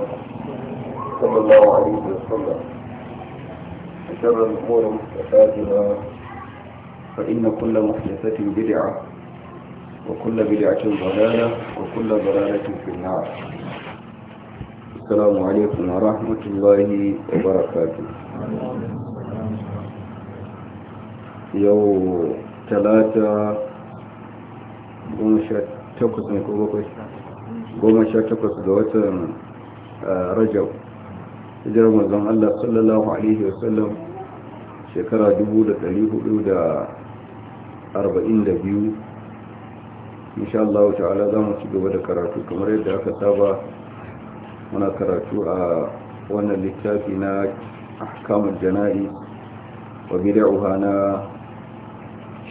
محمد صلى الله عليه وسلم وشر الأمور محدثاتها فإن كل محدثة بدعة وكل بدعة ضلالة وكل ضلالة في النار السلام عليكم ورحمة الله وبركاته يو ثلاثة قوم شاء تقص من قوم شاء تقص دوتا rajab hijirar mazan Allah sallallahu alaihi wasallam shekara 1442 insha Allah ta'ala za mu ci gaba da karatu kamar yadda aka saba muna karatu a wannan littafi na kamar jana'i wa uha na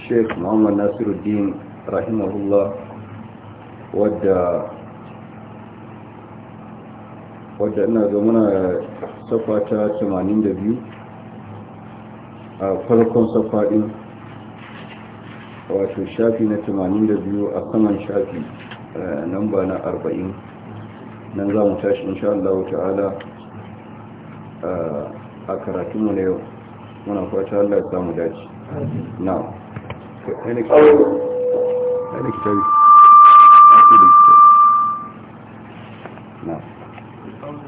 Sheikh Muhammad Nasiruddin rahimahullah wadda wadda ina ga muna safa ta 82 a farkon safa din wato shafi na 82 a saman shafi eh, nan ba na 40 nan za mu tashi insha Allah ta'ala eh, a mu na yau muna fata Allah ya samu dace na ainihin kitabi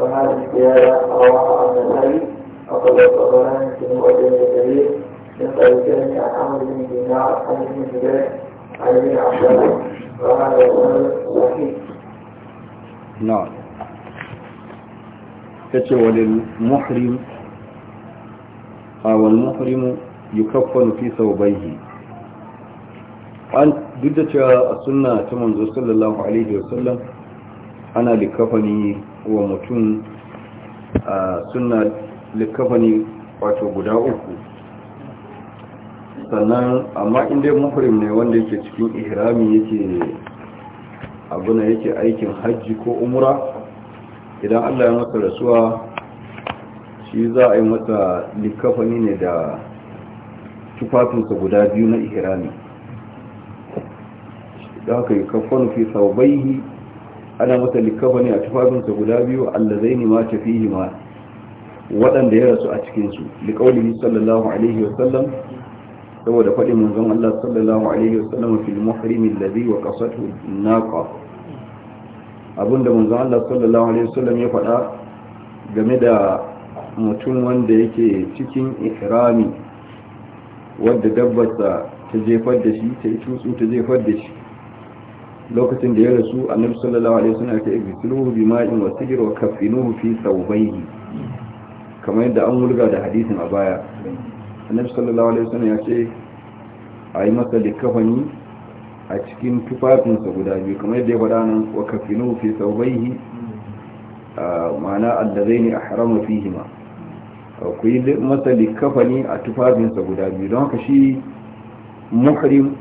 فهذا الكلاب رواح عن نسائي فقد اتضرنا من مؤجرين الكبير نسأل كلمة عن عمل من جناع عن من جناع عن من عشان الوحيد نعم كتب للمحرم أو المحرم يكفن في ثوبيه عن جدة السنة تمنذ صلى الله عليه وسلم أنا لكفني wa mutum suna likafani wato guda uku sannan amma inda mafarin ne wanda yake cikin ihrami yake abuna yake aikin hajji ko umura. idan Allah ya masa rasuwa shi za a yi masa likafani ne da tufafinsa guda biyu na ihrami da haka yi kafan fi saubaihi ana masa likafa ne a tufafinsa guda biyu allazai ne ma tafihi ma waɗanda ya rasu a cikinsu liƙaulihi sallallahu alaihi wasallam saboda faɗin manzon Allah sallallahu alaihi wasallam fil muhrim allazi wa qasatu naqa abinda manzon Allah sallallahu alaihi wasallam ya faɗa game da mutum wanda yake cikin ihrami wanda dabbarsa ta jefar da shi ta yi tutsu ta jefar da shi lokacin da ya rasu annabi sallallahu alaihi wasallam ya ce igsiluhu bima'in wa sijir wa kaffinuhu fi thawbayhi kamar yadda an mulga da hadisin a baya annabi sallallahu alaihi wasallam ya ce a yi masa likafani a cikin tufafinsa guda biyu kamar yadda ya faɗa nan wa kafinu fi saubaihi ma'ana allazaini ahrama fihima ku yi masa likafani a tufafinsa guda biyu don haka shi muhrim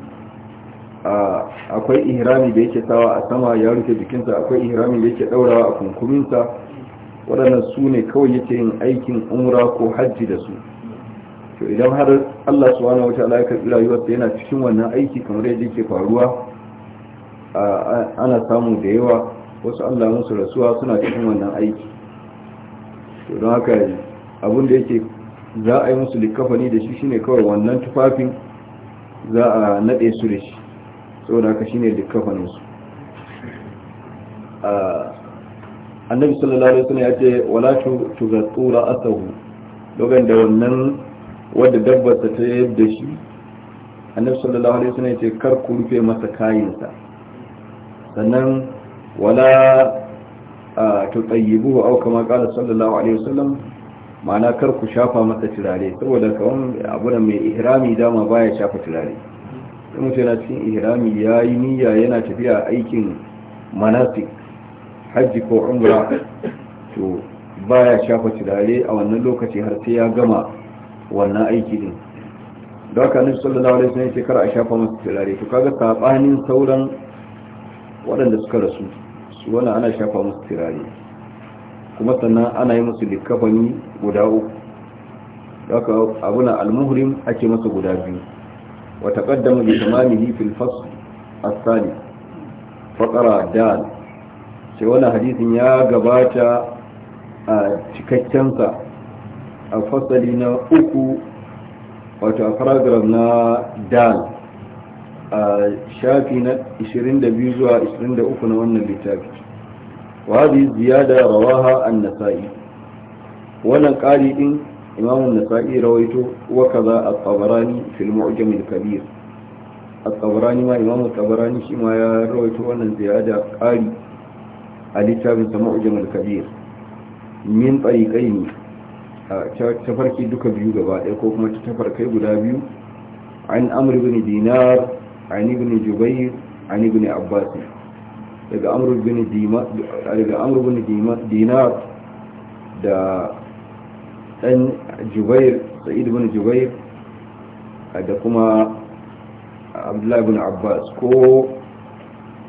akwai ihrami da yake sawa a sama ya rufe jikinsa akwai ihrami da yake daurawa a kunkuminsa waɗannan su ne kawai yake yin aikin umra ko hajji da su to idan har Allah subhanahu ta'ala ya karbi rayuwarsa yana cikin wannan aiki kamar yadda yake faruwa ana samu da yawa wasu Allah musu rasuwa suna cikin wannan aiki to don haka abin da yake za a yi musu likafani da shi shine kawai wannan tufafin za a nade su da shi saboda haka shine dukkan su annabi sallallahu alaihi wasallam ya ce wala tu tuzatu ra'sahu dogan da wannan wanda dabbar ta ta yadda shi annabi sallallahu alaihi wasallam ya ce kar ku rufe masa kayinsa sannan wala tu tayyibuhu aw kama qala sallallahu alaihi wasallam ma'ana kar ku shafa masa turare saboda kawai abu da mai ihrami dama baya shafa turare sai mutu yana cikin ihrami ya yi niyya yana tafiya aikin manasik hajji ko umra to ya shafa turare a wannan lokaci har sai ya gama wannan aiki din da aka nufi sallallahu alaihi wasallam yake kar a shafa masa turare to kaga sabanin sauran waɗanda suka rasu su wannan ana shafa masu turare kuma sannan ana yi musu likafani guda uku da aka abu almuhrim ake masa guda biyu وتقدم لتمامه في الفصل الثالث فقرة دال سيوانا حديث يا قباتا تكتنسا الفصلين أكو وتأفراغرنا دال إشرين دبيزوا إشرين 23 وانا لتابت وهذه الزيادة رواها النسائي وانا قالي إن إمام النسائي رويته وكذا الطبراني في المعجم الكبير الطبراني ما إمام الطبراني شما رويته أن زيادة قال الكتاب المعجم الكبير من طريقين تفرك دوك بيو غبا كوكما تفركي غدا بيو عن أمر بن دينار عن ابن جبير عن ابن عباس daga amru بن دينار دا dan jubair sa'id ibn jubair da kuma abdullahi ibn abbas ko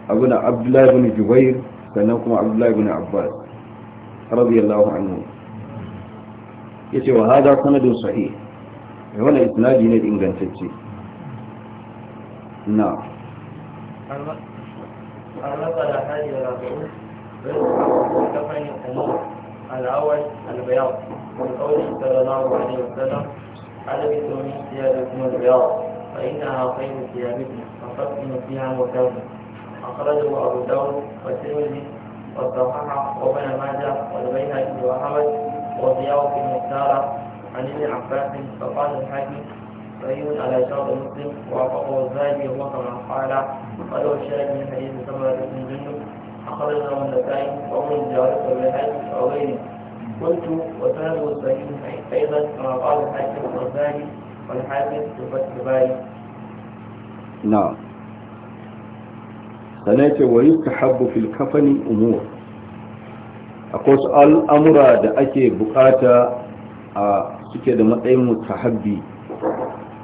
abuna abdullahi ibn jubair sannan kuma abdullahi ibn abbas radiyallahu anhu yace wa hada sanadun sahih eh, wannan isnadi ne ingantacce na an matsala hajjara da wani الأول البياض والقول صلى الله عليه وسلم ألبسوا من ثيابكم البياض فإنها خير ثيابكم وقدموا فيها وكونا أخرجه أبو داود والترمذي والصحاح وابن ماجه والبيهقي وأحمد وضياء في المختارة عن ابن عباس فقال الحاكم صحيح على شرط مسلم وافقه الزاهدي وهو كما قال قالوا الشاهد من حديث ثمرة بن جندب أخرجه النسائي وأبو الجواد والبيهقي وغيره قلت وسنده صحيح أيضا كما قال الحاكم الغزالي والحافظ في فتح نعم sanace wa yustahabbu fil kafani umur akwai su al'amura da ake bukata a suke da matsayin mutahabbi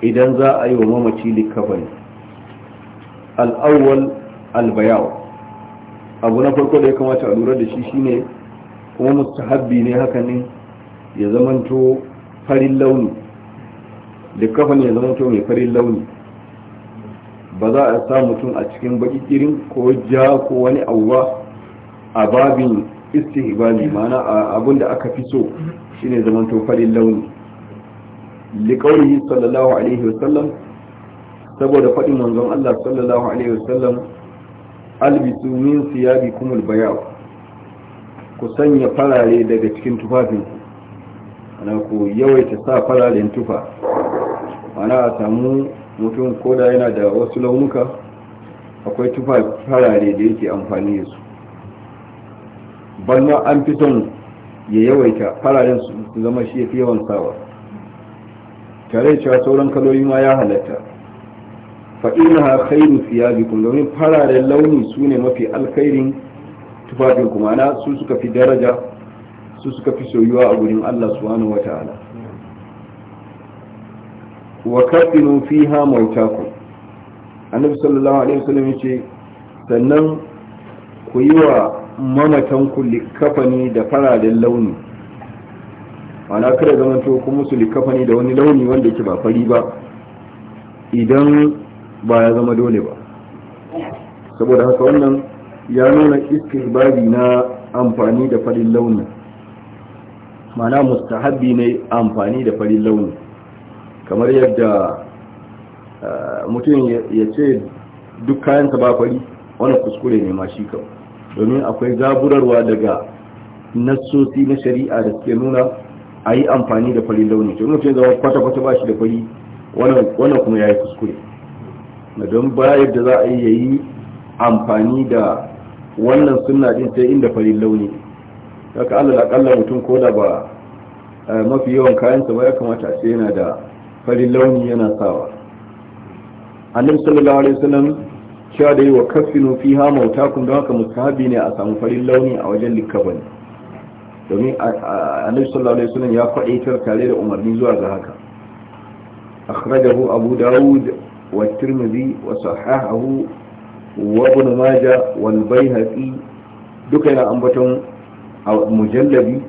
idan za a yi wa mamaci likafani al'awwal albayawa abu na farko da ya kamata a lura da shi shine kuma habbi ne haka ne ya zamanto farin launi da kafan ya zamanto mai farin launi ba za a sa mutum a cikin baki kirin ko ja ko wani abuwa a babin istihbali mana abin da aka fi so shine zamanto farin launi liƙaurihi sallallahu alaihi wasallam saboda faɗin manzon Allah sallallahu alaihi wasallam albisu min kumul baya. ku sanya farare daga cikin tufafinku ana ku yawaita sa fararen tufa ana a samu mutum koda yana da wasu launuka akwai tufa farare da yake amfani da su balma an fi son ya yawaita fararen su zama shi ya fi yawan sawa tare cewa sauran kaloyi ma ya halatta fa innaha khairu thiyabikum domin fararen launi sune mafi alkhairin tufafin kuma na su suka fi daraja su suka fi soyuwa a gurin Allah subhanahu wataala wa kafinu fiha mautakum annabi sallallahu alaihi wasallam yace sannan ku yi wa mamatan ku likafani da fararen launi ana kada zamanto kuma su likafani da wani launi wanda ke ba fari ba idan ba ya zama dole ba saboda haka wannan ya nuna istihbabi na amfani da farin launi mana mustahabbi ne amfani da farin launi kamar yadda eh, mutum ya ce duk kayansa ba fari wani kuskure ne ma shi domin akwai zaburarwa daga nassosi na shari'a da suke nuna a yi amfani da farin launi to mutum zama kwata-kwata ba shi da fari wannan kuma ya yi kuskure don bayar da za a yi yayi amfani da wannan sunna din sai inda farin launi haka alal akalla mutum ko da ba eh, mafi yawan kayansa ba ya kamata a ce yana da farin launi yana sawa annabi sallallahu alaihi wasallam cewa da yi wa kafinu fi ha mautakun don haka mustahabi ne a samu farin launi a wajen likkaban domin annabi sallallahu alaihi wasallam ya faɗaitar tare da umarni zuwa ga haka akhrajahu abu dawud والترمذي وصححه وابن ماجه والبيهقي duka yana ambaton a mujallabi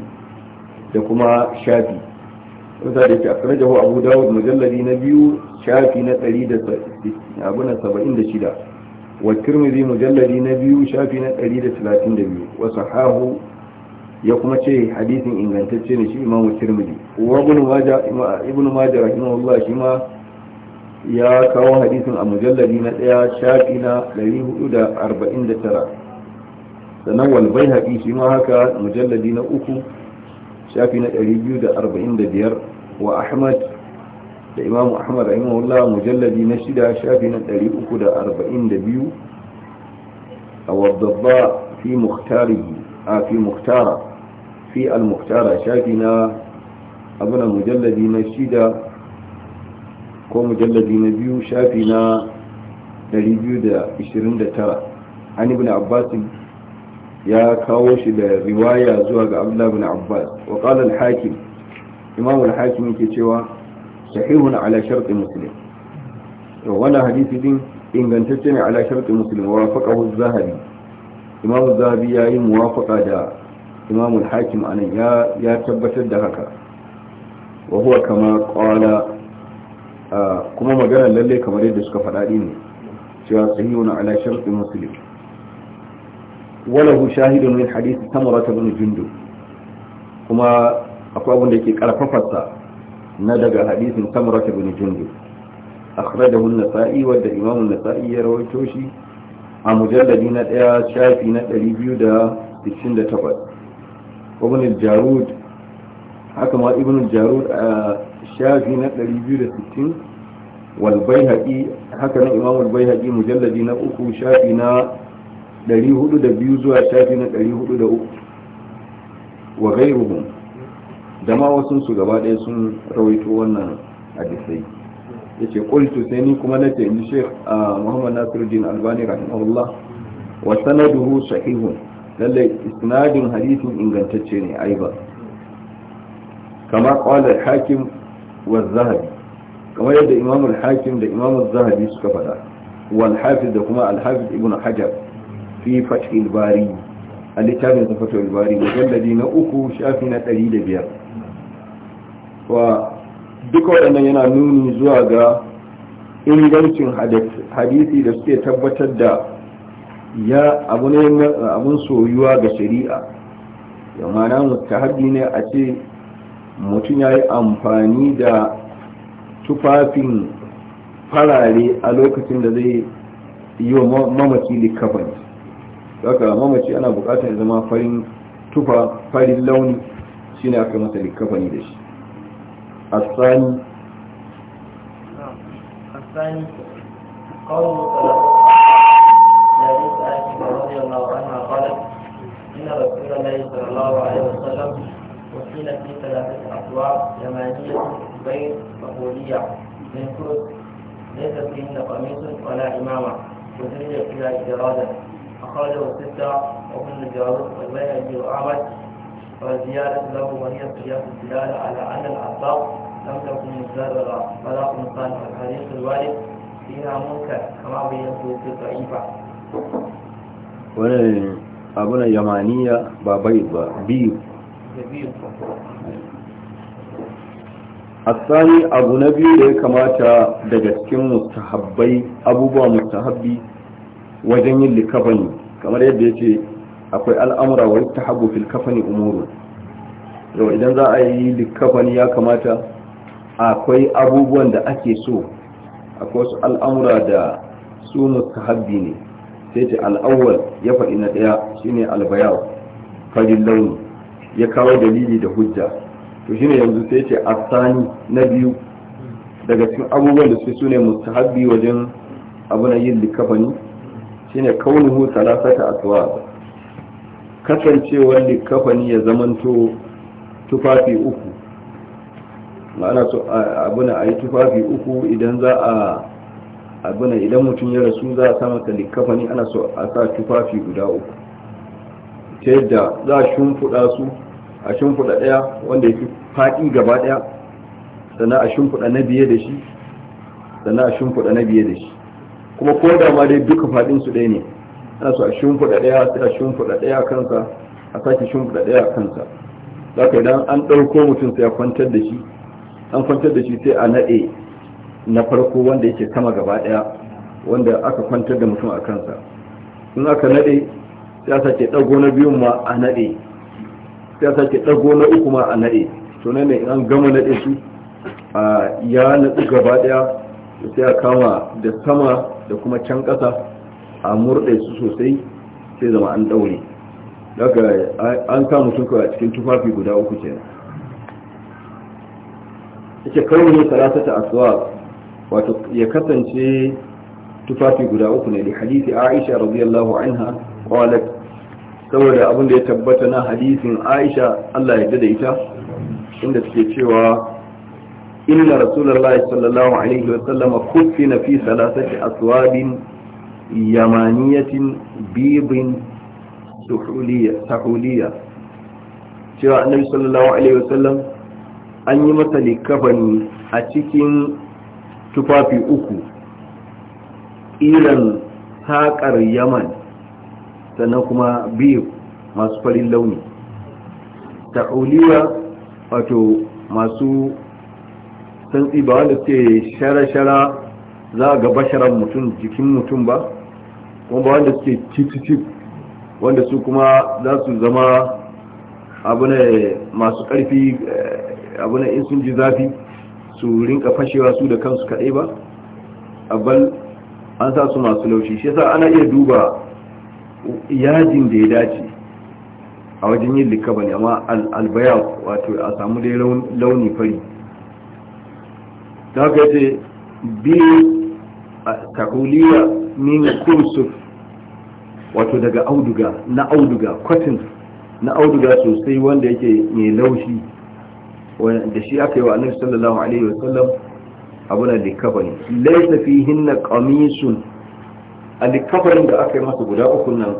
da kuma shafi wata da ke akarajahu abu dawud mujallabi na biyu shafi na 176 wa tirmidhi na biyu shafi na 132 wa sahahu ya kuma ce hadisin ingantacce ne shi imamu tirmidhi wa ibn majah ibn majah rahimahullah shi ma ya kawo hadisin a mujalladi na ɗaya shafi na 449 sannan walbai haƙi shi ma haka mujalladi na uku shafi na 245 wa ahmad da imamu ahmad rahimahullah mujalladi na shida shafi na 342 a wadda fi muhtari a fi muhtara fi al-muhtara shafi na abu na mujalladi na shida ko mujalladi na biyu shafi na 229 an ibn abbas ya kawo shi da riwaya zuwa ga abdullah ibn abbas wa qala al-hakim imam al-hakim yake cewa sahihun ala shart muslim to wannan hadisi din ingantacce ne ala shart muslim wa faqahu az-zahabi imam az-zahabi ya yayi muwafaqa da imam al-hakim anan ya ya tabbatar da haka wa huwa kama qala kuma magana lalle kamar yadda suka faɗaɗi ne cewa sahihun ala shartin muslim walahu shahidun min hadith samara ibn jundub kuma akwai abin da yake karfafarsa na daga hadisin ta ibn jundub akhrajahu an-nasa'i wadda da nasai ya rawaito shi a mujalladi na ɗaya shafi na 268 ibn al-jarud haka ma ibn jarud shafi na 260 wal baihaqi haka na imam al baihaqi mujalladi na uku shafi na 402 zuwa shafi na 403 wa ghayruhum da ma wasu su gaba ɗaya sun rawaito wannan hadisai yace qultu sai ni kuma nace ni sheikh muhammad nasiruddin albani rahimahullah wa sanaduhu sahihun lalle isnadin hadisin ingantacce ne aiba kama qala hakim wa zahabi kamar yadda imam al-hakim da imam zahabi suka faɗa wal hafiz da kuma al-hafiz ibn hajar fi fath al-bari a littafin sa fath al-bari na uku shafi na ɗari 105 wa duka waɗannan yana nuni zuwa ga ingancin hadisi da suke tabbatar da ya abu ne abun soyuwa ga shari'a yamma na mustahabi ne a ce mutum ya yi amfani da tufafin farare a lokacin da zai yi wa mamaci likafani daga mamaci ana bukatar zama farin tufa farin launi shi ne aka masa likafani da shi a tsani قالت رسول الله صلى الله عليه وسلم وقيل في ثلاثة أطوار يمانية بين مقولية من كرد ليس فيهن قميص ولا إمامة ودنيا إلى إرادة أخرجه ستة وابن جارود والبيهقي وأحمد والزيادة له وهي قياس الدلالة على أن الأطباق لم تكن مزررة فلا قمصان الحديث الوارد فيها منكر كما بينته في الضعيفة. ولا أبونا يمانية بابيض بيض asani abu na biyu da ya kamata daga cikin mustahabbai abubuwa mustahabbi wajen yin likafani kamar yadda ya ce akwai al'amura wa ta hagu fil kafani umuru yau idan za a yi likafani ya kamata akwai abubuwan da ake so akwai wasu al'amura da su mustahabbi ne sai ce al'awwal ya faɗi na ɗaya shine albayar farin launi ya kawo dalili da hujja to shine yanzu sai ce asani na biyu daga cikin abubuwan da suke ne mustahabbi wajen abu na yin likafani shine kaunuhu salasata aswa kasancewar likafani ya zamanto tufafi uku ma'ana so abu na ayi tufafi uku idan za a na idan mutum ya rasu za a samata likafani ana so a sa tufafi guda uku ta yadda za a shimfiɗa su a shimfiɗa ɗaya wanda ya fi faɗi gaba ɗaya sannan a shimfiɗa na biye da shi sannan a shimfiɗa na biye da shi kuma ko da ma dai duka faɗin su ɗaya ne ana so a shimfiɗa ɗaya sai a shimfiɗa ɗaya kansa a sake shimfiɗa ɗaya kansa za ka idan an ɗauko mutum sai a kwantar da shi an kwantar da shi sai a naɗe na farko wanda yake sama gaba ɗaya wanda aka kwantar da mutum a kansa in aka naɗe sai a sake ɗago na biyun ma a naɗe ya sake ɗago na uku ma a naɗe to nan ne an gama naɗe su ya naɗu gaba ɗaya sai a kama da sama da kuma can ƙasa a murɗe su sosai sai zama an ɗaure daga an kama sun kawai cikin tufafi guda uku kenan yake kawai ne ta asuwa wato ya kasance tufafi guda uku ne da hadisi aisha radiyallahu anha qalat saboda abin da ya tabbata na hadisin aisha allah ya da ita inda suke cewa inna rasulullahi sallallahu alaihi wa sallam kuffina fi salasati aswabin yamaniyatin bibin sahuliya cewa annabi sallallahu alaihi wa sallam an yi masa likafani a cikin tufafi uku iran haƙar yaman sannan kuma biyu masu farin launi ta'uliya wato masu santsi ba wanda suke shara-shara za ga basharar mutum jikin mutum ba kuma ba wanda suke cip-cip wanda su kuma za su zama abune masu ƙarfi eh, abu in sun ji zafi su rinka fashewa su da kansu kaɗai ba abal an sa su masu laushi shi yasa ana iya duba yajin da ya dace a wajen yin likaba ne amma albaya wato a samu dai launi fari ta haka yace bi takuliya min kursuf wato daga auduga na auduga cotton na auduga sosai wanda yake mai laushi da shi aka yi wa annabi sallallahu alaihi wasallam abuna likaba ne laisa fihinna qamisun A alikafarin da aka yi masa guda uku nan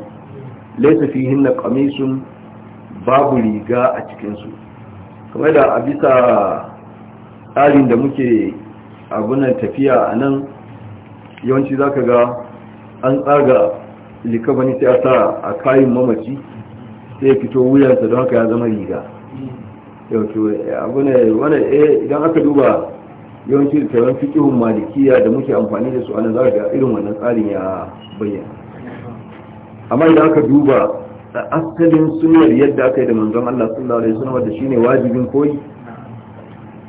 laisa fihin na kamisun babu riga a cikinsu kamar da a bisa tsarin da muke abunan tafiya a nan yawanci za ka ga an tsaga likabani sai a a kayan mamaci sai fito wuyansa don haka ya zama riga yau to abu wani eh, idan aka duba yawanci littattafan fikihun malikiya da muke amfani da su a nan za ga irin wannan tsarin ya bayyana amma idan aka duba asalin sunar yadda aka yi da manzon Allah sallallahu alaihi wasallam shi shine wajibin koyi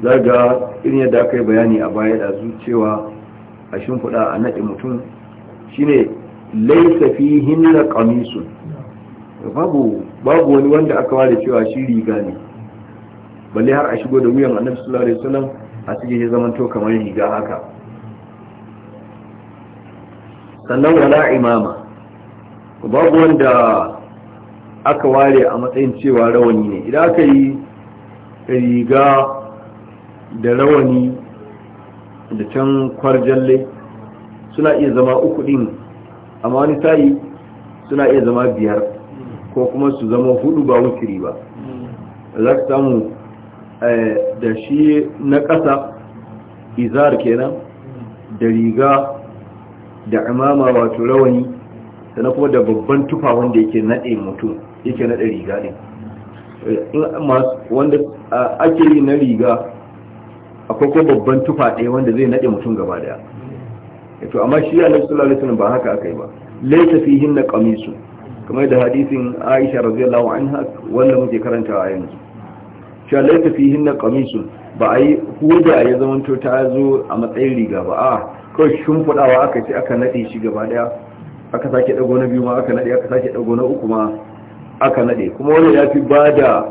za ga irin yadda aka yi bayani a baya da su cewa a shimfiɗa a naɗe mutum shine laisa fihin na qamisun babu babu wani wanda aka ware cewa shi riga ne balle har a shigo da wuyan annabi sallallahu alaihi wasallam haske ya zama to kamar riga haka sannan wala imama babu wanda aka ware a matsayin cewa rawani ne idan aka yi riga da rawani da can kwarjalle suna iya zama uku din amma wani sa'i suna iya zama biyar ko kuma su zama hudu ba wukiri ba za ka samu Eh, da shi na ƙasa izar kenan da riga da imama wato rawani sannan kuma da babban tufa wanda yake naɗe mutum yake naɗe riga ne eh, wanda ake yi na riga akwai kuma babban tufa ɗaya wanda zai naɗe mutum gaba daya eh, to amma shi annabi sallallahu alaihi ba haka aka yi ba laysa fihin na kamisu kamar da hadisin Aisha radiyallahu anha wanda muke karantawa yanzu cewa laifin fi hinna kamisun ba a yi huda ya zamanto ta zo a matsayin riga ba a kawai shun shimfiɗawa aka ce aka nade shi gaba daya aka sake dago na biyu ma aka nade aka sake dago na uku ma aka nade kuma wani ya fi ba da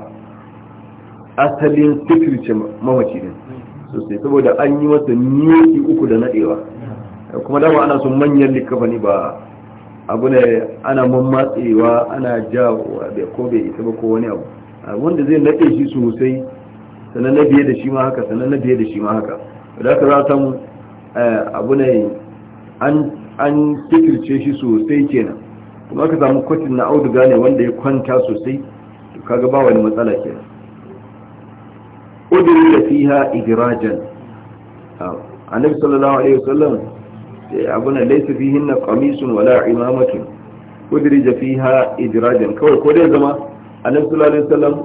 asalin sifirce mamaci din sosai saboda an yi masa niyoyi uku da nadewa kuma dama ana son manyan likafa ne ba abu ne ana mammatsewa ana ja ko bai isa ba ko wani abu wanda zai nade shi sosai sannan na biye da shi ma haka sannan na biye da shi ma haka da haka za samu eh, abu ne an sikirce shi sosai kenan kuma aka samu kwatin na auduga ne wanda ya kwanta sosai to kaga ba wani matsala kenan udiri da fiha idrajan ah, annabi sallallahu alaihi wasallam eh, abu ne laysa fihinna qamisun wala imamatun udiri da fiha idrajan kawai ko dai zama annabi sallallahu alaihi wasallam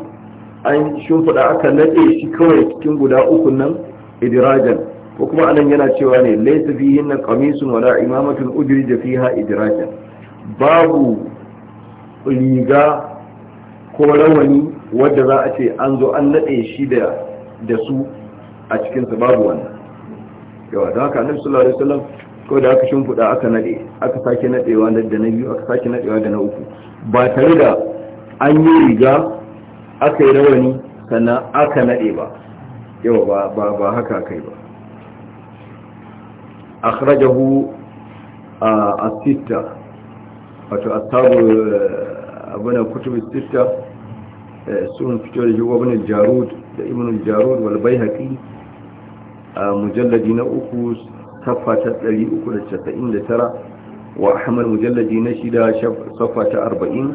an shimfiɗa aka nade shi kawai cikin guda uku nan idrajan ko kuma anan yana cewa ne laysa fihi na qamisun wala imamatun da fiha idrajan babu riga ko rawani wadda za a ce an zo an nade shi da da su a cikin sa babu wannan yawa don haka annabi sallallahu alaihi wasallam ko da aka shimfiɗa aka nade aka sake nadewa da na biyu aka sake nadewa da na uku ba tare da an yi riga aka yi rawani sannan aka naɗe ba yawa ba haka kai ba akhrajahu as-sitta wato asabu eh, abuna kutubu sitta eh, sun fito da jiwa ibn jarud da ibn jarud wal bai baihaqi mujalladi na uku safa ta 399 wa ahmad mujalladi na shida safa ta 40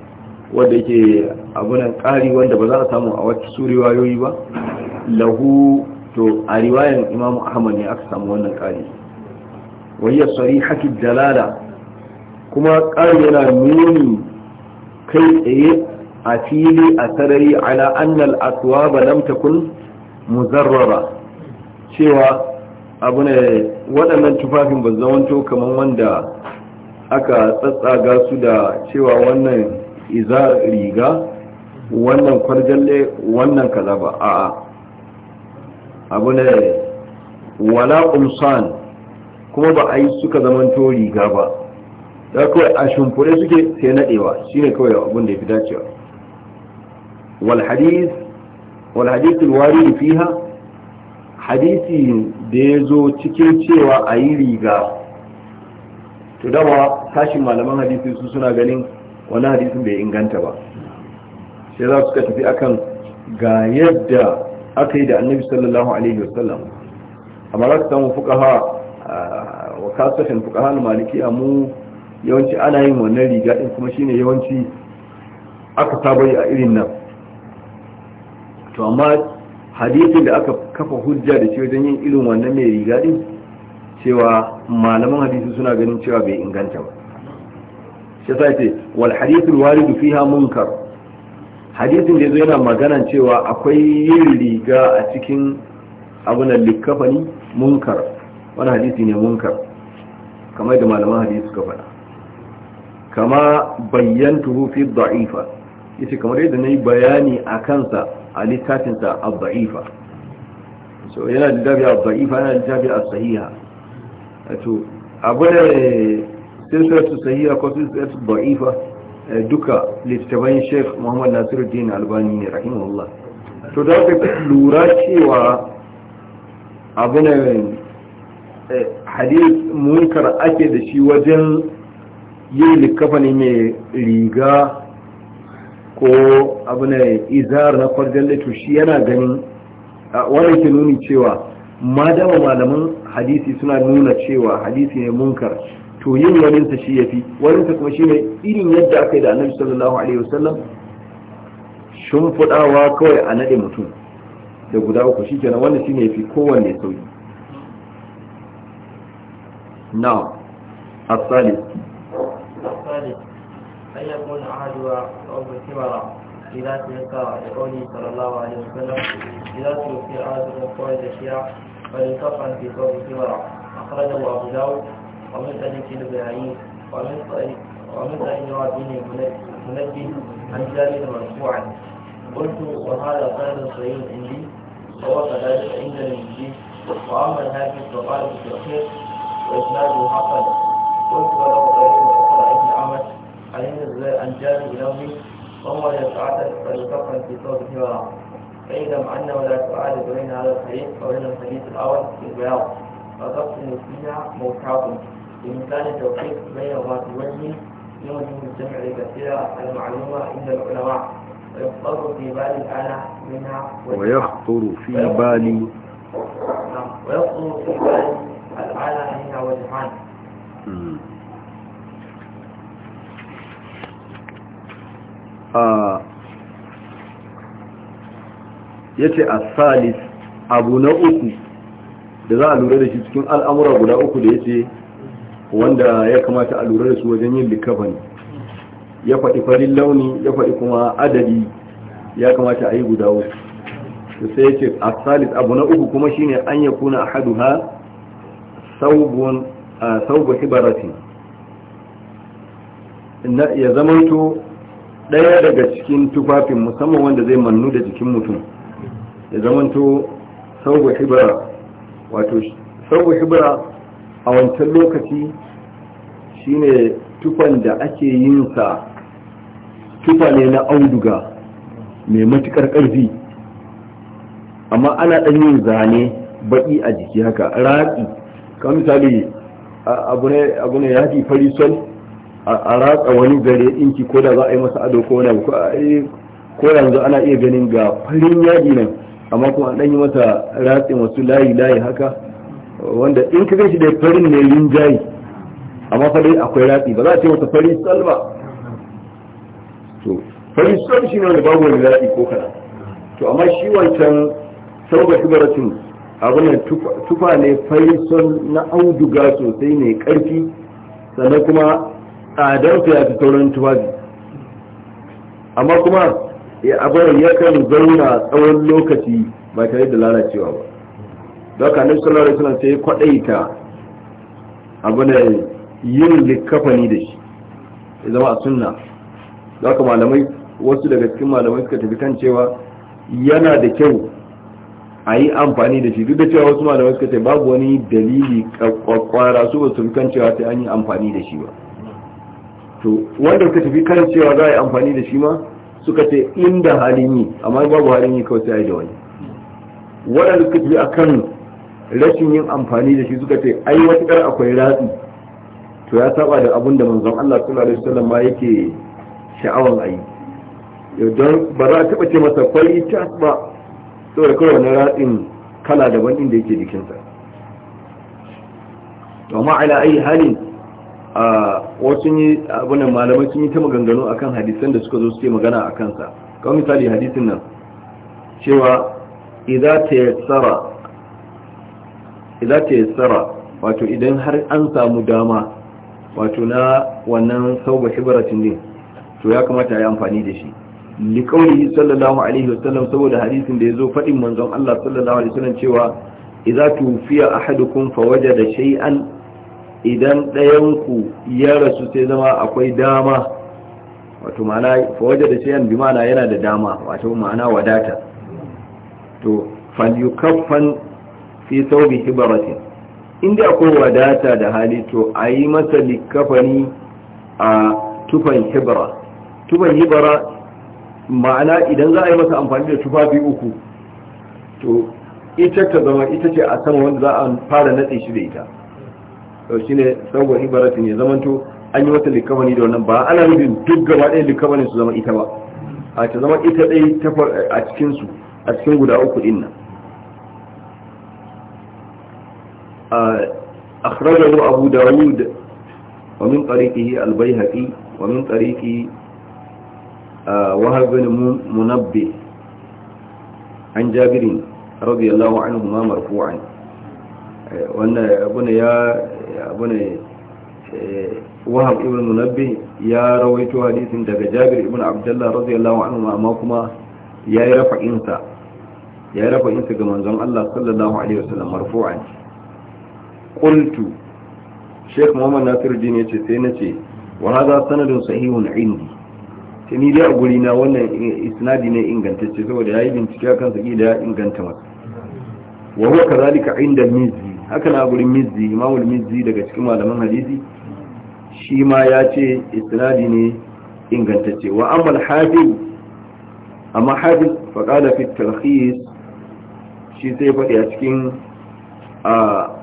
wanda yake abunan ƙari wanda ba za a samu a wacce su riwayoyi ba lahu to a riwayan imam ahmad ne aka samu wannan ƙari wayar sari haki dalala kuma ƙari yana nuni kai tsaye a fili a sarari ala annal aswa ba lam takun muzarrara cewa abu ne waɗannan tufafin ba zamanto kamar wanda aka tsatsaga su da cewa wannan iza riga wannan kwarjalle wannan kaza ba a'a abu ne wala umsan kuma ba a yi suka zamanto riga ba da kawai a shimfure suke sai nadewa shine kawai abin da ya fi dacewa wal hadith wal hadith al fiha hadisi da ya zo cikin cewa a yi riga to dama tashin malaman hadisi su suna ganin wani hadisin bai inganta ba sai za su ka tafi akan ga yadda aka yi da annabi sallallahu alaihi wasallam a za ka fukaha ah, wa kasashen fukaha na a mu yawanci ana yin wannan riga ɗin kuma shine yawanci aka saba a irin nan to amma hadisin da aka kafa hujja da cewa don yin irin wannan mai riga ɗin, cewa malaman hadisi suna ganin cewa bai inganta ba shi sai ce wal hadithul warid fiha munkar hadisin da yana magana cewa akwai yin riga a cikin abunan likafani munkar wani hadisi ne munkar kamar da malaman hadisi suka faɗa kama bayyantuhu fi da'ifa yace kamar yadda nayi bayani a kansa a littafinsa a da'ifa so yana da a da'ifa yana da dabi a sahiha wato abu ne silsilarsu sahiha ko silsilarsu ba'ifa eh, duka littattafan sheikh muhammad nasiruddin albani ne rahimahullah to da ka lura cewa abinan eh, hadith munkar ake da shi wajen yin likafani mai riga ko abinan izar na farjan da shi yana ganin wani ke nuni cewa dama malaman hadisi suna nuna cewa hadisi ne munkar to yin wani ta shi yafi wani ta kuma ne irin yadda aka yi da annabi sallallahu alaihi wasallam shimfiɗawa kawai a naɗe mutum da guda uku shi kenan wannan shine yafi kowanne sauki now الثالث الثالث أن يكون أحدها أو بالكبرى إذا تذكر لقوله صلى الله عليه وسلم إذا توفي أحد الأخوة الأشياء فليكفن في ثوب الكبرى أخرجه abu dawo. ومن ذلك البعيد ومن ذلك ربه منبه عن ذلك مرفوعا قلت وهذا قال صغير عندي وهو كذلك عند المجيد وأما الهاجس فقال في الأخير وإسناده حقا قلت ولو قريب أخرى ابن عمد عن ابن أن عن إلى أمي وهو يتعتد فليكفن في صوته وراءه فإذا مع أنه لا تعارض بين هذا الحديث وبين الحديث الأول في البياض فتقسم فيها موسعة كان التوفيق بين الله الواجبين يوم المجتمع لكثير المعلومة عند العلماء ويخطر في بال الآلة منها ويخطر في بال ويخطر في بال الآلة منها وجهان ya ce a salis abu na uku da za a lura da shi cikin al'amura guda uku da ya ce wanda ya kamata a lura da su wajen yin likafani ya faɗi farin launi ya faɗi kuma adadi ya kamata a yi guda wasu sai ya ce a salis abu na uku kuma shine an ya kuna a hadu ha saubu hibarati ya zamanto ɗaya daga cikin tufafin musamman wanda zai mannu da jikin mutum ya zamanto saubu hibara wato saubu hibara a wancan lokaci shine tufan da ake yin sa tufa ne na auduga mai matukar ƙarfi amma ana ɗan yin zane baƙi a jiki haka raƙi kamar misali abu ne ya fi fari sol a ratsa wani gare ɗinki ko da za a yi masa ado ko wani ko yanzu ana iya ganin ga farin yaji nan amma kuma an ɗan yi masa ratsin wasu layi layi haka wanda in ka gashi da farin ne jayi, amma fari akwai rafi ba za a ce masa fari salma to fari sal shi ne wanda babu wani rafi ko kana to amma shi wancan sauka abu abin tufa ne fari na auduga sosai ne karfi sannan kuma ta ya fi sauran tufafi amma kuma ya abin yakan zauna tsawon lokaci ba tare da lalacewa ba da ka annabi sallallahu alaihi wasallam sai kwadaita abu da yin likafani da shi ya zama a sunna da ka malamai wasu daga cikin malamai suka tafi kan cewa yana da kyau a yi amfani da shi duk da cewa wasu malamai suka ce babu wani dalili kwakwara su ba su kan cewa sai an yi amfani da shi ba to wanda suka tafi kan cewa za a yi amfani da shi ma suka ce inda halin yi amma babu halin yi kawai sai a yi da wani waɗanda suka tafi a kan rashin yin amfani da shi suka ce ai wata akwai ratsi to ya saba da abun da manzon Allah sallallahu alaihi wasallam ma yake sha'awan ayi don ba za a taba ce masa kwai ta ba saboda kawai wani ratsin kala daban inda yake jikinsa to amma ala ayi halin a wasu yi abunan malamai sun yi ta maganganu akan hadisan da suka zo suke magana a kansa kawai misali hadisin nan cewa idza tayassara idza tayassara wato idan har an samu dama wato na wannan sauba hibratin din to ya kamata ya amfani da shi li sallallahu alaihi wasallam saboda hadisin da yazo fadin manzon Allah sallallahu alaihi wasallam cewa idza tufiya ahadukum fawajada shay'an idan dayan ku ya rasu sai zama akwai dama wato ma'ana fawajada shay'an bi ma'ana yana da dama wato ma'ana wadata to falyukaffan fi saubi hibaratin inda akwai wadata da hali to a yi masa likafani a tufan hibara tufan hibara ma'ana idan za a yi masa amfani da tufafi uku to ita ta zama ita ce a sama wanda za a fara natse shi da ita to shine sauwa hibaratin ya zama to an yi masa likafani da wannan ba ana nufin duk gaba ɗaya likafanin su zama ita ba a ta zama ita ɗaya a cikinsu a cikin guda uku ɗin nan أخرجه أبو داود ومن طريقه البيهقي ومن طريق وهب بن منبه عن جابر رضي الله عنهما مرفوعا وأن أبونا يا أبونا وهب ابن منبه يا رويت حديث daga Jabir ibn Abdullah radiyallahu anhu amma kuma yayi rafa'insa yayi rafa'insa ga manzon Allah sallallahu alaihi wasallam marfu'an qultu Sheikh Muhammad ya yace sai nace wa hadha sanadun sahihun indi sai ni dai a guri na wannan isnadi ne ingantacce saboda yayi bincike akan sa da ya inganta masa wa huwa kadhalika inda Mizzi haka na gurin Mizzi Imam al-Mizzi daga cikin malaman hadisi shi ma ya ce isnadi ne ingantacce wa amma al amma Hafiz fa qala fi talkhis shi sai faɗi a cikin a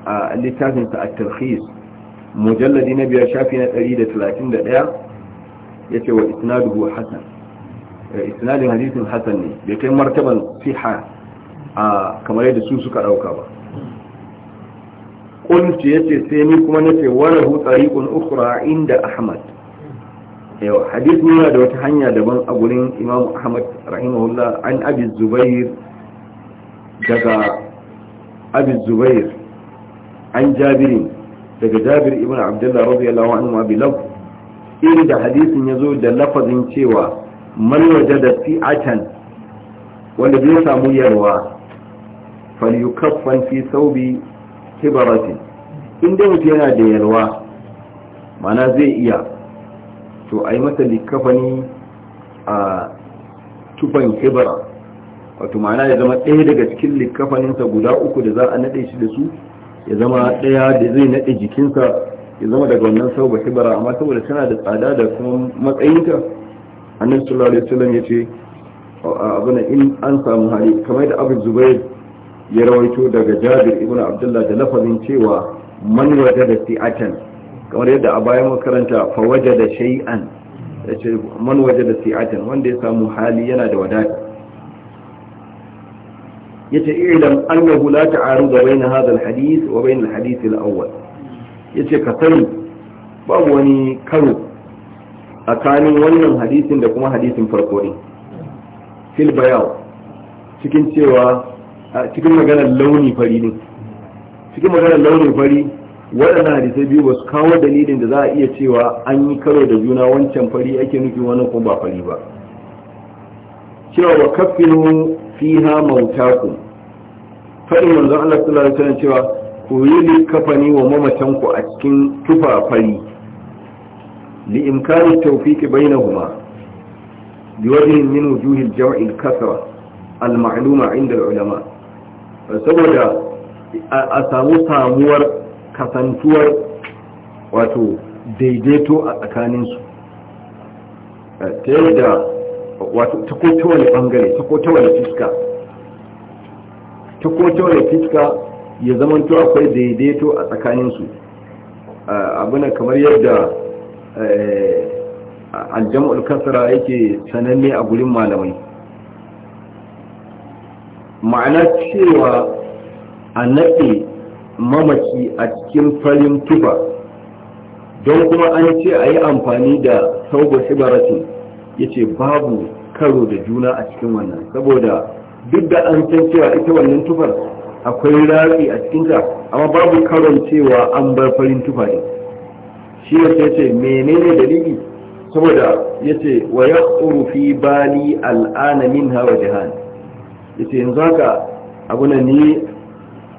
a littafinsa a tarhis mujalladi na biyar shafi na 131 ya ce wa isnaduhu hasan eh, isnadin hadisin hasan ne bai kai martaban fiha a kamar yadda su suka dauka ba ya yace sai ni kuma nace warahu tariqun ukhra inda ahmad yawa eh, hadith ne da wata hanya daban a gurin imam ahmad rahimahullah an abi zubair daga abi zubair an jabiri daga jabir ibn abdullah radiyallahu anhu bi laf irin da hadisin yazo da lafazin cewa man wajada fi'atan wanda zai samu yarwa falyukaffan fi thawbi kibaratin inda mutum yana da yarwa mana zai iya to a yi masa likafani a tufan kibara wato mana ya zama ɗaya daga cikin likafaninsa guda uku da za a naɗe shi da su ya zama ɗaya da zai naɗe jikinsa ya zama daga wannan sau hibara amma saboda tana da tsada da kuma matsayinta annabi sallallahu alaihi wasallam ya ce in an samu hali kamar da abu zubair ya rawaito daga jabir ibn abdullah da lafazin cewa man waje da si'atan kamar yadda a bayan makaranta fa waje da shay'an man waje da si'atan wanda ya samu hali yana da wadata yace ilam annahu la ta'arudu bayna hadha alhadith wa bayna alhadith alawwal yace ka sani babu wani karo tsakanin wannan hadisin da kuma hadisin farko ne fil bayaw cikin cewa cikin maganar launi fari ne cikin maganar launi fari waɗannan hadisai biyu ba su kawo dalilin da za a iya cewa an yi karo da juna wancan fari ake nufi wannan kuma ba fari ba cewa wa kafinu fiha mautakum fadin manzon Allah sallallahu alaihi wasallam cewa ku yi kafani wa mamatan ku a cikin tufafari li imkani tawfiqi bainahuma biwajhin min wujuhi al-jam'i al-kasra al-ma'luma 'inda al-ulama saboda a samu samuwar kasantuwar wato daidaito a tsakaninsu ta yadda wato ta ta wani bangare ta wani fiska ta ta wani fiska ya zamanto akwai daidaito a tsakaninsu abuna kamar yadda eh, aljam'ul kasara yake sananne a gurin malamai ma'ana cewa a naɗe mamaki a cikin farin tufa don kuma an ce a yi amfani da sauba shibaratin yace babu karo da juna a cikin wannan saboda duk da an san cewa ita wannan tufar akwai ratsi a cikinta amma babu karon cewa an bar farin tufa ne shi ya ce menene dalili saboda ya ce wa ya fi bali al'ana min hawa jihan ya ce yanzu haka abuna ne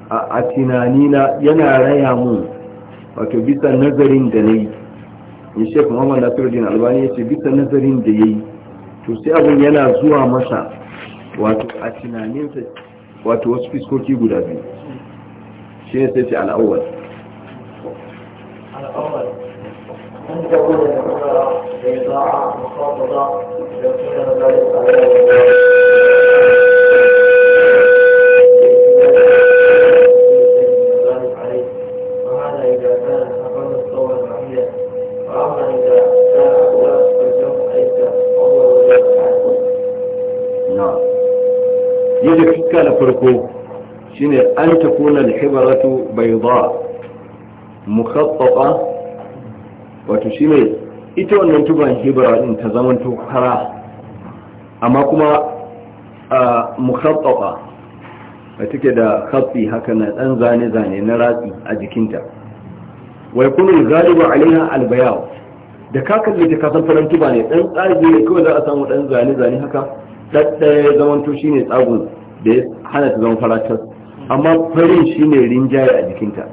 a tunanina yana raya mun wato bisa nazarin da na yi ya shek muhammad nasiruddin albani ya ce bisa nazarin da ya yi to sai abin yana zuwa masa wato a tunaninsa wato wasu fiskoki guda biyu shi ne sai ce al'awar al'awwal da da da fuska na farko shine an takuna al-hibaratu bayda mukhattafa wato shine ita wannan tuban hibra din ta zama to fara amma kuma mukhattafa ba take da khatsi haka na dan zane zane na ratsi a jikinta wai yakunu ghalibu alaiha al da ka kalle ta kasan faran tuba ne dan tsari ne kawai za a samu dan zane zane haka zaman zamanto shine tsagun da ya hana ta zama faratas amma farin shine rinjaye a jikinta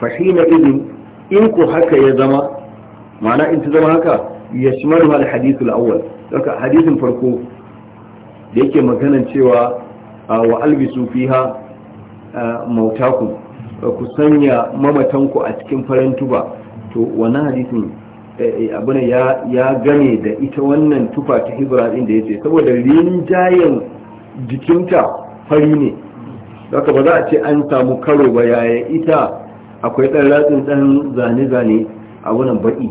fahina izin in ku haka ya zama ma'ana in ta zama haka ya shimaru hal hadithul awwal daga hadisin farko da yake magana cewa ah, wa albisu fiha ah, mautakum ku sanya mamatanku a cikin farin tuba to wannan hadisin Eh, eh, abin ya gane da ita wannan tufa ta hibra din da ce saboda rinjayen jikinta fari ne haka ba za a ce an samu karo ba yaya ita akwai ɗan ratsin ɗan zane-zane a wannan baƙi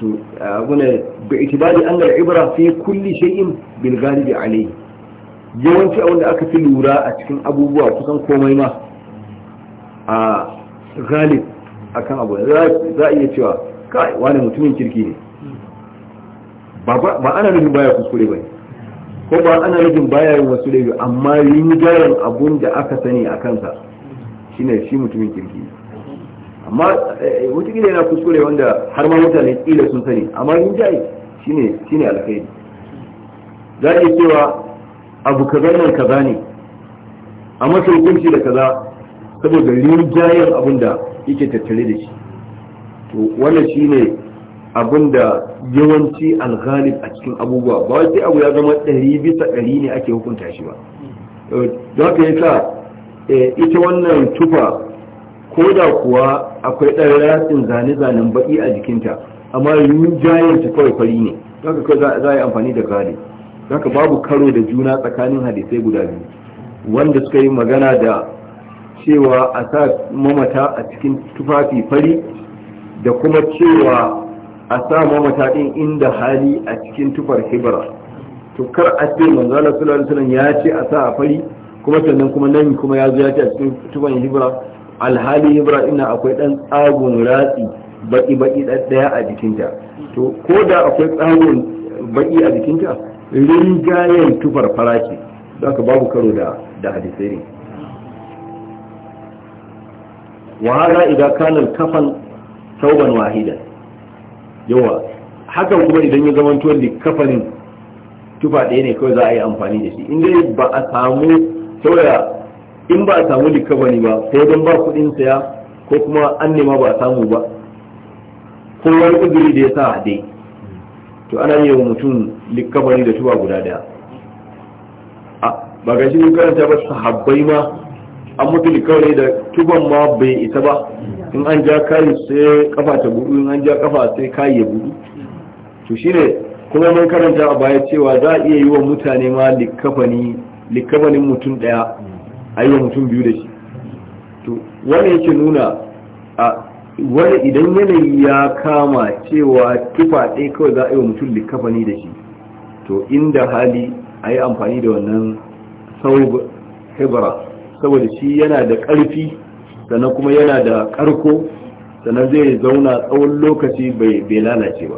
to ita ba da an gara ibra fi kulli shay'in Bilgari da alai yawanci a wanda aka fi lura a cikin abubuwa kusan komai ma a galib akan abu za a iya cewa kai wani mutumin kirki ne ba ana nufin baya kuskure ba ko ba ana nufin baya yin wasu laifi amma rinjayen abun da aka sani a kansa shi ne shi mutumin kirki ne amma eh, wataƙila yana kuskure wanda har ma mutane ƙila sun sani amma rinjaye shi ne alkhairi za a cewa abu kaza nan kaza ne a masa hukunci da kaza saboda rinjayen abun da yake tattare da shi to wannan shine abin da yawanci alghalib a cikin abubuwa ba wai sai abu ya zama ɗari bisa ɗari ne ake hukunta shi ba don haka yasa eh, ita wannan tufa ko da kuwa akwai ɗan ratsin zane-zanen baƙi a jikinta amma yin ta kawai fari ne don haka kawai za a yi amfani da don haka babu karo da juna tsakanin hadisai guda biyu wanda suka yi magana da cewa a sa mamata a cikin tufafi fari da kuma cewa a sa matakin inda hali a cikin tufar hibra to kar a ce manzo Allah sallallahu alaihi wasallam ya ce a sa a fari kuma sannan kuma nan kuma ya zo ya ce a cikin tufar hibra alhali hibra ina akwai dan tsagun ratsi baki baki daya a jikinta to ko da akwai tsagun baki a jikinta rigayen tufar fara ce ka babu karo da da hadisi ne wa hada idan kana kafan sauban wahida yawa hakan kuma idan ya zama tuwon likafanin tufa ɗaya ne kawai za a yi amfani da shi inda ba a samu sauya in ba a samu likafani ba sai don ba kuɗin saya ko kuma an nema ba a samu ba ko wani kuduri da ya sa dai to ana yi wa mutum likafani da tufa guda ɗaya a ba ga shi karanta ba sahabbai ma an mutu kawai da tuban ma bai isa ba in an ja kayi sai kafa ta budu in an ja kafa sai kayi ya budu to shine kuma mun karanta a baya cewa za a iya yi wa mutane ma likafani likafanin mutum daya a yi wa mutum biyu da shi to wani yake nuna a wani idan yanayi ya kama cewa tufa ɗaya kawai za a yi wa mutum likafani da shi to inda hali a yi amfani da wannan sau hebra saboda shi yana da ƙarfi sannan kuma yana da ƙarko sannan zai zauna tsawon lokaci bai lalace ba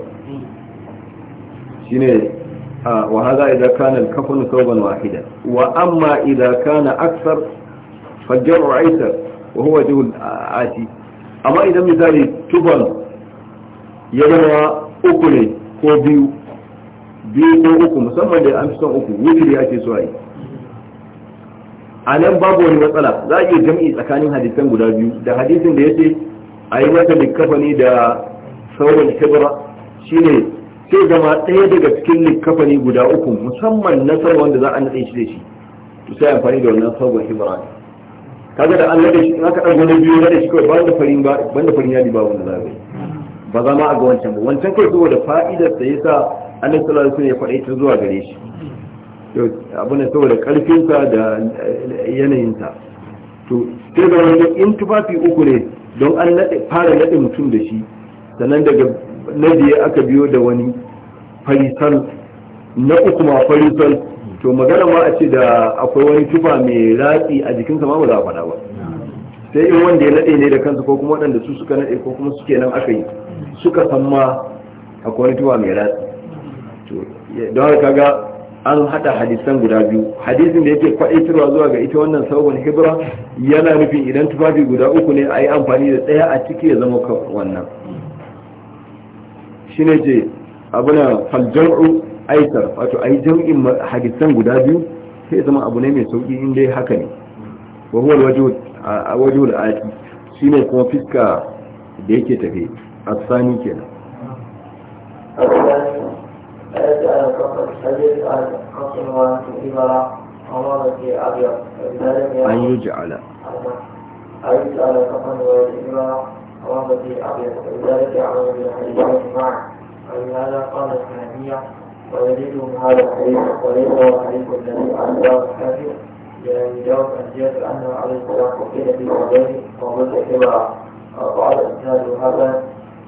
ne wa haza idan kana kafin sauban wahida wa amma idan kana aksar fajar ra'isar wa huwa jihun ati amma idan misali tufan ya zama uku ne ko biyu biyu ko uku musamman da an fi son uku wutiri ake so a yi a nan babu wani matsala za a iya jam'i tsakanin hadisan guda biyu da hadisin da yake a yi mata likkafani da sauran kibra shine sai zama ɗaya daga cikin likkafani guda uku musamman na sauran wanda za a naɗe shi da shi to sai amfani da wannan sauran kibra kaga da an naɗe shi in aka ɗan na biyu naɗe shi kawai ban da farin ba banda farin yadi ba wanda za a yi ba za ma a ga wancan ba wancan kai saboda fa'idar da yasa annabi sallallahu alaihi wasallam ya faɗa ita zuwa gare shi abu ne saboda karfinsa da yanayinsa to sai da wani in tufafi uku ne don an fara naɗe mutum da shi sannan daga najiye aka biyo da wani farisal na uku ma farisal to magana ma a ce da akwai wani tufa mai ratsi a jikinsa ma ba za a faɗa ba sai in wanda ya naɗe ne da kansa ko kuma waɗanda su suka naɗe ko kuma suke nan aka yi suka san ma akwai wani tufa mai ratsi don haka ga. an hada hadisan guda biyu hadisin da yake kwaitarwa zuwa ga ita wannan sabon hibra yana nufin idan tufafi guda uku ne a yi amfani da ɗaya a ciki ya zama wannan shi ne ce abuna faljar'u aikar wato a yi jam'in hadisan guda biyu sai zama abu ne mai sauƙi in dai haka ne wahuwar wajen aiki shi ne kuma fiska da yake tafe a sani kenan فيسأل فقد حديث أن قسم وأنت إبرة عمامتي أبيض فإذا لم يكن أن يجعل أيسأل فقد وإبرة عمامتي أبيض فلذلك عمل بالحديثين معا ولهذا قال الحنفية من هذا الحديث وليس هو الحديث الذي أنزله الحافظ لأن يجاوب الزيادة أنه عليه السلام وقيل في وبين ومن إبرة وقال إسناد هذا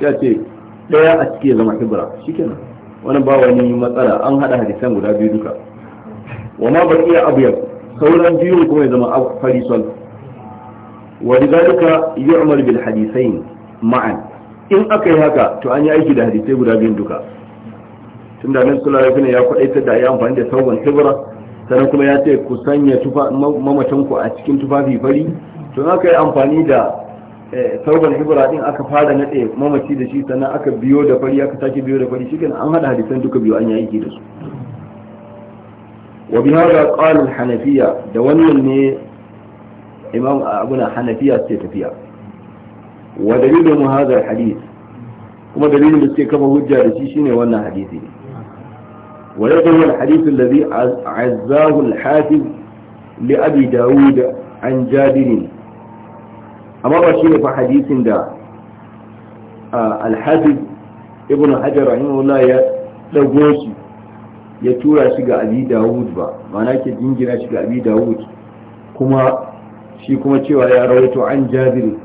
sai ce daya a ciki ya zama hibra kenan wani ba wani matsala an hada hadisan guda biyu duka wa ma abu yau sauran biyun kuma ya zama za wa yi umar bil hadisai ma'an in aka yi haka to an yi aiki da hadisai guda biyun duka tun da nan sallallahu ne ya kwadaitar da yi amfani da sauran hibra sannan kuma ya ce ku sanya mamatanku a cikin tufafi fari to za aka yi amfani da sauban eh, hibra din aka fara natse mamaci da shi sannan aka biyo da fari aka sake biyo da fari shi an hada hadisan duka biyu an yi aiki da su wa bi hada qala al hanafiya da wannan ne imam abuna hanafiya suke tafiya wa dalilin hadha al hadith kuma dalilin da suke kafa hujja da shi shine wannan hadisi wa yadda al hadith alladhi azzahu al hafiz li abi daud an jabir amma ba shi ne fa hadisin da alhafiz ibn hajar rahimahullah ya dago shi ya tura shi ga abi dawud ba mana ke jingina shi ga abi dawud kuma shi kuma cewa ya rawaito an jabir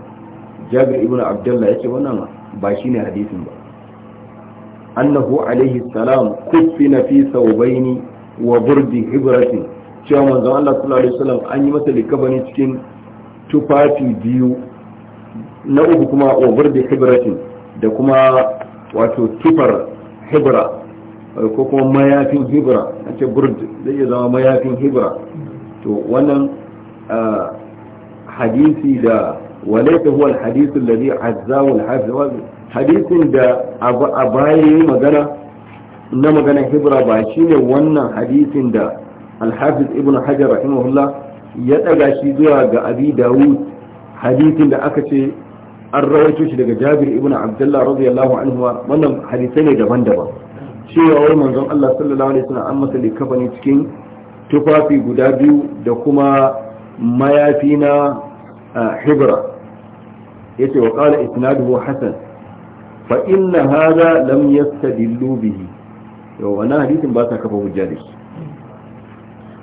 jabir ibn abdullah yace wannan ba shi ne hadisin ba annahu alaihi salam kuffina fi thawbaini wa burdi hibratin cewa manzon Allah sallallahu alaihi wasallam an yi masa likabani cikin tufafi biyu na uku kuma over the hibratin da kuma wato tufar hibra eh, ko kuma mayafin hibra a ce burd zai iya zama mayafin hibra to wannan eh, hadisi da walaita huwa hadisun da zai alhafiz hadisin da a baya magana na maganar hibra ba shine wannan hadisin da alhafiz ibn hajar rahimahullah ya daga shi zuwa ga abi dawud hadisin da aka ce an rawaito shi daga jabir ibn abdullah radiyallahu anhu wannan hadisai ne daban-daban cewa wai manzon Allah sallallahu alaihi wasallam an masa likafani cikin tufafi guda biyu da kuma mayafi na hibra yace wa qala isnaduhu hasan fa inna hadha lam yastadillu bihi yau wannan hadisin ba ta kafa hujja da shi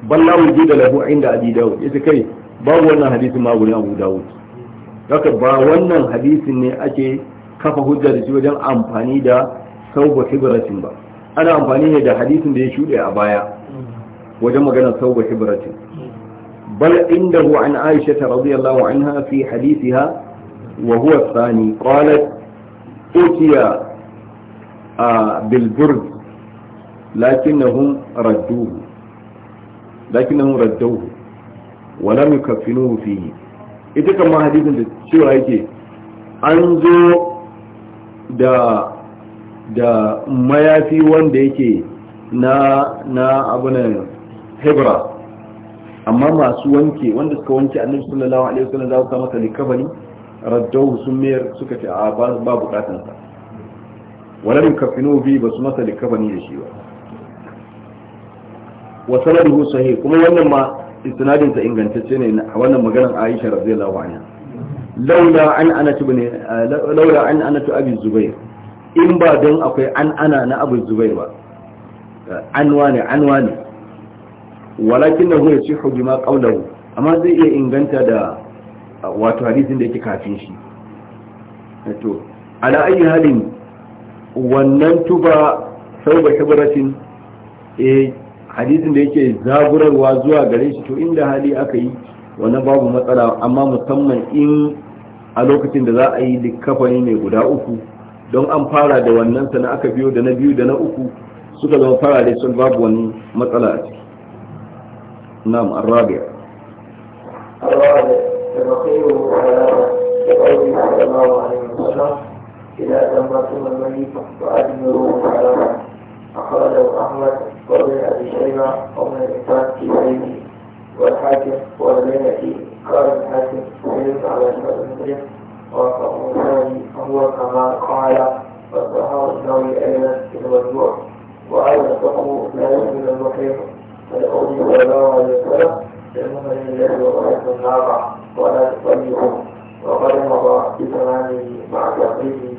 balla da lahu inda abi dawud yace kai babu wannan hadisin ma gurin abu dawud haka ba wannan hadisin ne ake kafa hujja da shi wajen amfani da sauba hibratin ba ana amfani ne da hadisin da ya shuɗe a baya wajen magana sauba hibratin bal indahu an aisha radiyallahu anha fi hadithiha wa huwa thani qalat utiya بالبرد لكنهم ردوه lakinan raddau wala lam yukaffinuhu fihi ita kamar hadisin da cewa yake an zo da da mayafi wanda yake na na abunan hebra amma masu wanke wanda suka wanke annabi sallallahu alaihi wasallam za su sa masa likabani raddau sun mayar suka ce a ba bukatan wala min kafinu bi basu masa likabani da shi ba wa sanaduhu sahih kuma wannan ma istinadin sa ingantacce ne a wannan maganar Aisha radhiyallahu anha laula an ana tubne laula an ana tu abi zubair in ba don akwai an ana na abu zubair ba an wane an wane walakin na huya cihu bima qawluhu amma zai iya inganta da wato hadisin da yake kafin shi to ala ayi halin wannan tuba sauba shibratin eh hadisin da yake zaburarwa zuwa gare shi to inda hali aka yi wannan babu matsala amma musamman in a lokacin da za a yi likafani ne guda uku don an fara da wannan sana aka biyo da na biyu da na uku suka zama fara da sun babu wani matsala a ciki na'am arabiya إذا على أخرج أحمد وابن أبي شيبة وابن الإنسان في سعيده والحاكم والبيهقي قال الحاكم سعيد على شهر مسلم وقال الثاني فهو كما قال والظهر النووي أيضا في المجموع وأيضا الحكم لا يحمل المحرم فلقوله صلى الله عليه وسلم المحرم الذي وقعت النار ولا تصلي وقد مضى بزمانه مع تقريبه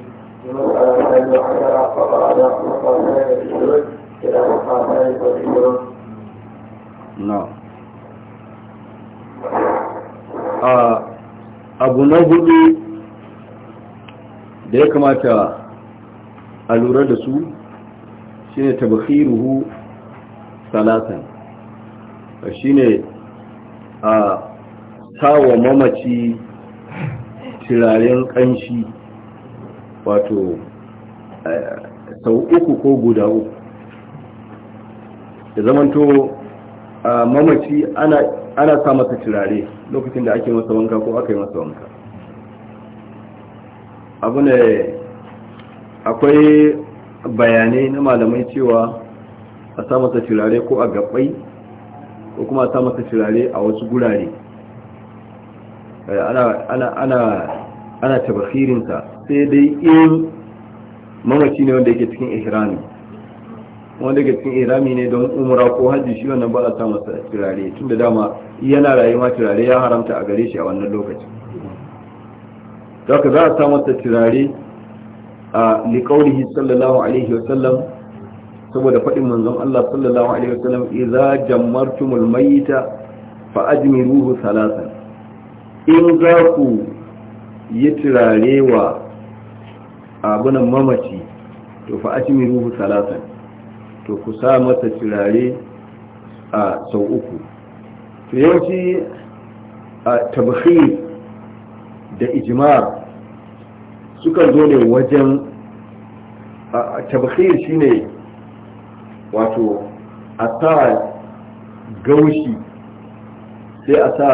abu na hudu da ya kamata a lura da su shi ne tabbakiruhu salatan shi ne a sawa mamaci turaren kanshi wato sau uku ko guda uku da zamanto mamaci ana sa masa turare lokacin da ake masa wanka ko aka yi masa wanka abu ne akwai bayanai na malamai cewa a sa masa turare ko a gabai ko kuma a sa masa turare a wasu gurare eh, ana ana sai dai in mamaci ne wanda yake cikin ihrami wanda yake cikin ihrami ne don umra ko hajji shi wannan ba a sa masa turare tunda dama yana rayuwa turare ya haramta a gare shi a wannan lokacin haka za a sa masa turare a liqaulihi sallallahu alaihi wa sallam saboda faɗin manzon Allah sallallahu alaihi wa sallam idza jammartumul mayyita fa ajmiruhu salasan in za ku yi turare wa abunan mamaci to fa a cimi ruhu salatan to ku sa masa turare a sau uku to yawanci a tabbashi da ijmar sukan zo ne wajen shi ne, wato a sa gaushi sai a sa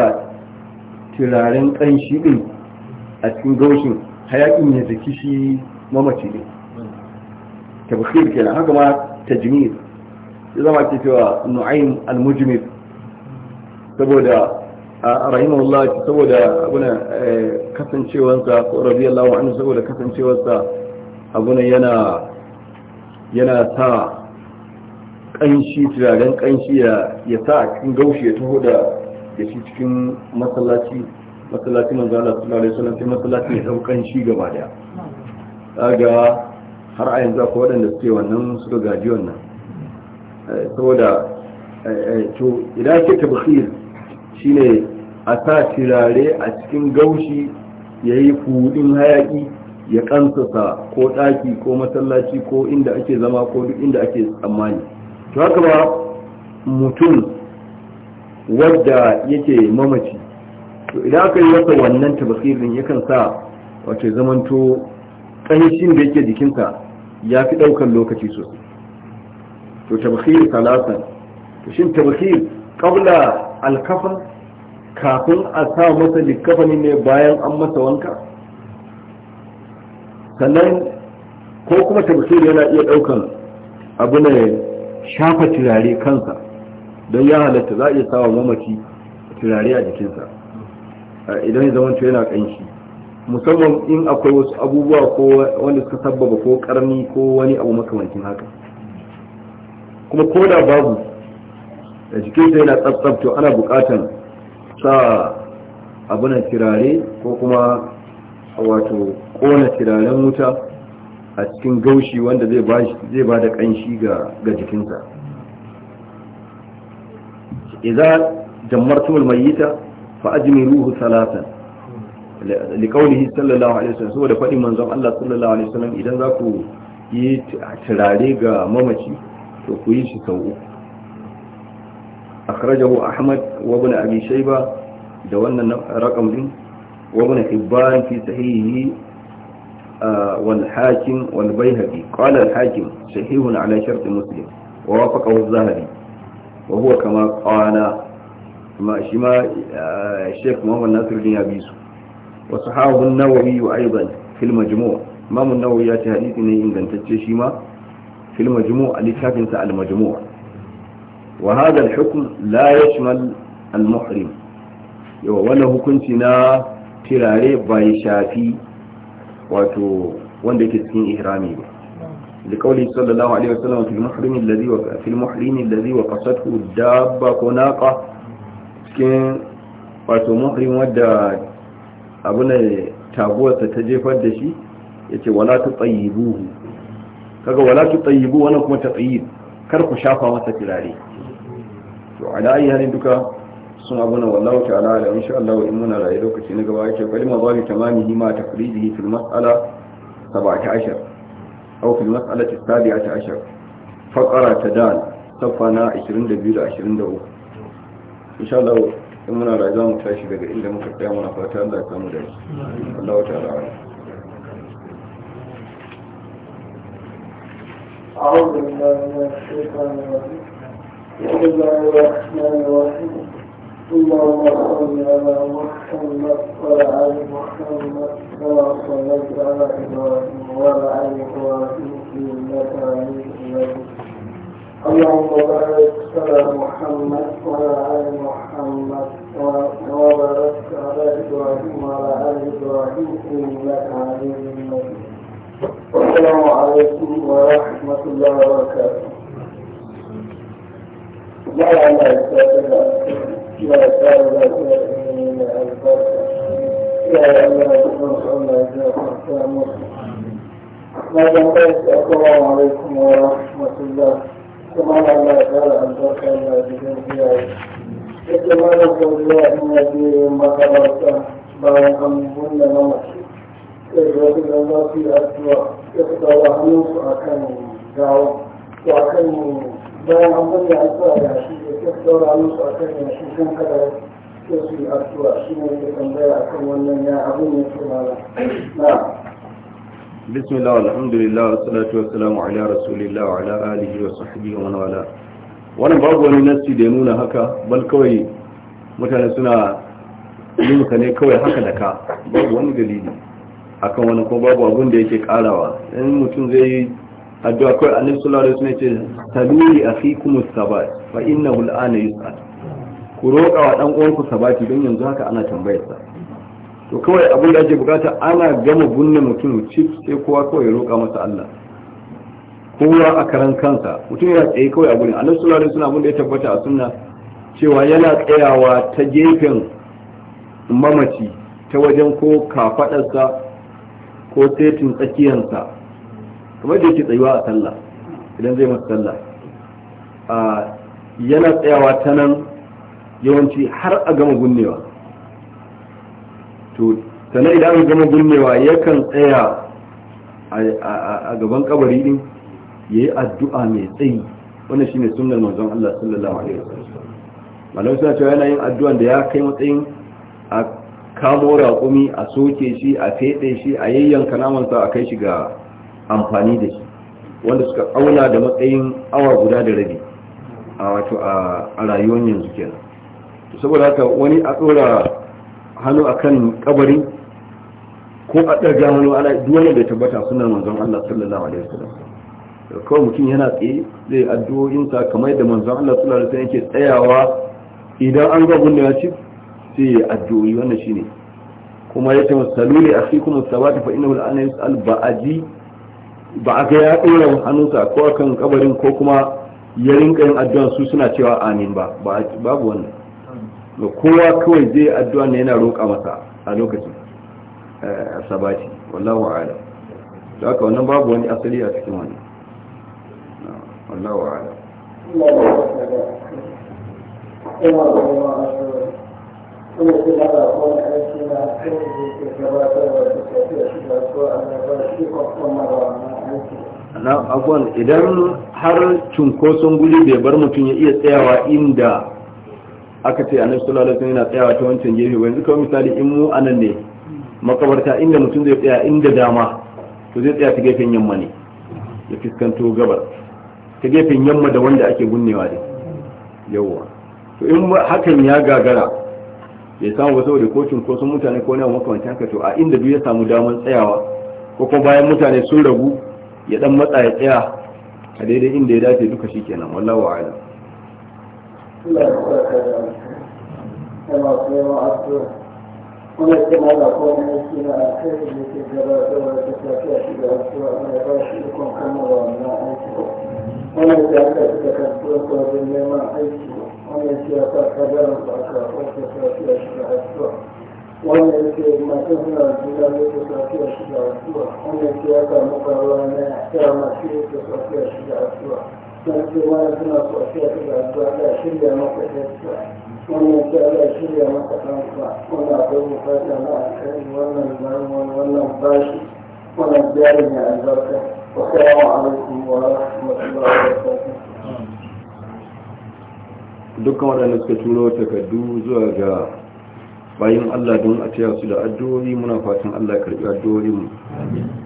turaren ƙanshi ɗin a cikin gaushin hayaƙin ya zaki shi mamaci ne ke kenan haka ma ta tajmir ya zama ke cewa nu'aym al-mujmir saboda allah saboda abuna eh, kasancewarsa ko radiyallahu anhu saboda kasancewarsa abuna yana yana sa kanshi turaren kanshi ya sa a cikin gaushi ya taho da ya shi cikin masallaci masallaci manzo Allah sallallahu alaihi wasallam sai masallaci ya dau kanshi gaba daya ga har a yanzu akwai waɗanda suke wannan suka gaji wannan eh, saboda eh, eh, to idan ke shi ne a sa tirare a cikin gaushi ya yi fudin hayaki ya kansasa ko ɗaki ko masallaci ko inda ake zama ko duk inda ake tsammani to haka ba mutum wadda yake mamaci to idan aka yi wata wannan tabbirin yakan sa wace zamanto ƙanshin da yake jikinsa ya fi ɗaukar lokaci sosai to tabakhir talatan to shin tabakhir qabla alkafa kafin a sa masa likafani ne bayan an masa wanka sannan ko kuma tabakhir yana iya ɗaukan abu ne shafa turare kansa don ya halatta za a iya sawa mamaci turare a jikinsa idan ya zamanto yana ƙanshi musamman in akwai wasu abubuwa ko wanda suka sabbaba ko karni ko wani abu makamancin haka kuma ko da babu da jikin yana na to ana bukatan sa abunan tirare ko kuma wato kona tiraren wuta a cikin gaushi wanda zai ba da kanshi ga jikinsa idan yi ta fa ruhu salatan liƙaunihi sallallahu alaihi wasallam saboda faɗin manzon Allah sallallahu alaihi wasallam idan za ku yi turare ga mamaci to ku yi shi sau uku akhrajahu ahmad wa abin shaiba da wannan raqam din wa ibn fi sahihi wal hakim wal bayhaqi shahihun al hakim sahihun ala shart muslim wa wafaqahu az wa huwa kama qala ma shi ma Sheikh Muhammad Nasiruddin ya bi su وصحابه النووي أيضا في المجموع إمام النووي ياتي حديث إن كانت تشيما في المجموع على المجموع وهذا الحكم لا يشمل المحرم وله كنتنا تراري باي شافي واتو wanda السين إهرامي لقوله صلى الله عليه وسلم في المحرم الذي وق... في المحرم الذي وقصته الدابة كناقة كن واتو محرم ودا abu ne taguwarsa ta jefar da shi ya ce wala tu tsayibu kaga wala tu tsayibu wannan kuma ta tsayib kar ku shafa masa turare to ala yi halin duka sun abu na wallahu ta'ala ala sha Allah in muna rayu lokaci na gaba yake kalma babu tamamihi ma tafridihi fil mas'ala 17 aw fil mas'ala 17 faqara tadal safana 22 da 23 insha Allah in muna rayu za mu tashi daga inda muka tsaya muna fata da Allah أعوذ بالله من الشيطان الرجيم بسم الله الرحمن الرحيم اللهم صل على محمد وعلى آل محمد كما صليت على إبراهيم وعلى اللهم بارك على محمد وعلى آل محمد وبارك على إبراهيم وعلى آل إبراهيم إنك عليم مجيد السلام عليكم ورحمة الله وبركاته لا لا لا لا لا لا لا لا لا لا جعل الله يسعدك لا سائل يا البركة لا الله تنصرنا يا لا مسلم ما جنبت السلام عليكم ورحمة الله kuma Allah ya fara albarka da iyaye yake mana godiya in ya je makaranta bayan an bunne mamaci sai da wasu da za su yi fi a kan bayan an yashi fi kan kada sai su yi addu'a shi ne ya tambaya a kan wannan ya abin ya fi na. بسم الله والحمد لله والصلاة والسلام على رسول الله وعلى آله وصحبه ومن والاه wannan babu wani nassi da ya nuna haka bal kawai mutane suna yin ka ne kawai haka da ka babu wani dalili akan wani kuma babu abun da yake karawa in mutum zai yi addu'a kawai annabi sallallahu alaihi wasallam ce saluli akhikum sabat fa innahu al'ana yus'al ku roƙa wa uwanku sabati don yanzu haka ana tambayar to kawai abin da ake bukata ana gama bunne mutum cik sai kowa kawai roƙa masa Allah kowa a karan kansa mutum yana tsaye kawai a gurin annabi sallallahu alaihi wasallam da ya tabbata a sunna cewa yana tsayawa ta gefen mamaci ta wajen ko kafadarsa ko setin tsakiyarsa kamar da yake tsayuwa a sallah idan zai masa sallah yana tsayawa ta nan yawanci har a gama gunnewa to sannan idan an gama binnewa yakan tsaya a gaban kabari din ya yi addu'a mai tsayi wanda shi ne sunan manzon Allah sallallahu alaihi wasallam malamu suna cewa yana yin addu'an da ya kai matsayin a kamo raƙumi a soke shi a feɗe shi a yayyanka namansa a kai shi ga amfani da shi wanda suka auna da matsayin awa guda da rabi a wato a rayuwan yanzu kenan saboda haka wani a tsora hannu akan kabari ko a ɗaga hannu ana duwane da tabbata suna manzon Allah sallallahu alaihi wasallam kawo mutum yana tsaye zai addu'o'insa kamar yadda manzon Allah sallallahu alaihi wasallam yake tsayawa idan an ga gunna ya ci sai ya addu'o'i wannan shine kuma ya ce masalu li akhikum sabata fa innahu al'ana yus'al ba'adi ba a ga ya ɗora hannunsa ko kan kabarin ko kuma ya rinka yin addu'a su suna cewa amin ba babu wannan da kowa kawai zai addu'a ne yana roƙa masa a lokacin eh, sabati wallahu a'lam da aka wannan babu wani asali a cikin wani wallahu a'lam na abuwan idan har cunkoson guri bai bar mutum ya iya tsayawa inda aka ce annabi sallallahu alaihi wasallam yana tsayawa ta wancan gefe yanzu kawai misali in mu anan ne makabarta inda mutum zai tsaya inda dama to zai tsaya ta gefen yamma ne ya fiskanto gabar ta gefen yamma da wanda ake gunnewa ne yawwa to in hakan ya gagara ya samu ba da kocin ko sun mutane ko na makamanci haka to a inda duk ya samu daman tsayawa ko kuma bayan mutane sun ragu ya dan matsa ya tsaya a daidai inda ya dace duka shikenan wallahu a'lam Allah ya sa da kuma sai ma asu kuma sai ma da na ke shi aiki aiki ya ka da tafiya masu suna juna ne ta tafiya shi da wasu wanda ya samu karuwa na ya masu ta tafiya shi da wasu don cewa da suna so a da zuwa da shirya maka yadda wannan ta da shirya maka ɗansa wannan akwai bukata na alkhairi wannan zarmon wannan bashi wannan jari mai albarka wasalamu alaikum wa rahmatullahi wa barakatuh dukkan waɗanda suka turo takardu zuwa ga bayan Allah don a taya su da addu'o'i muna fatan Allah karbi addu’o’in mu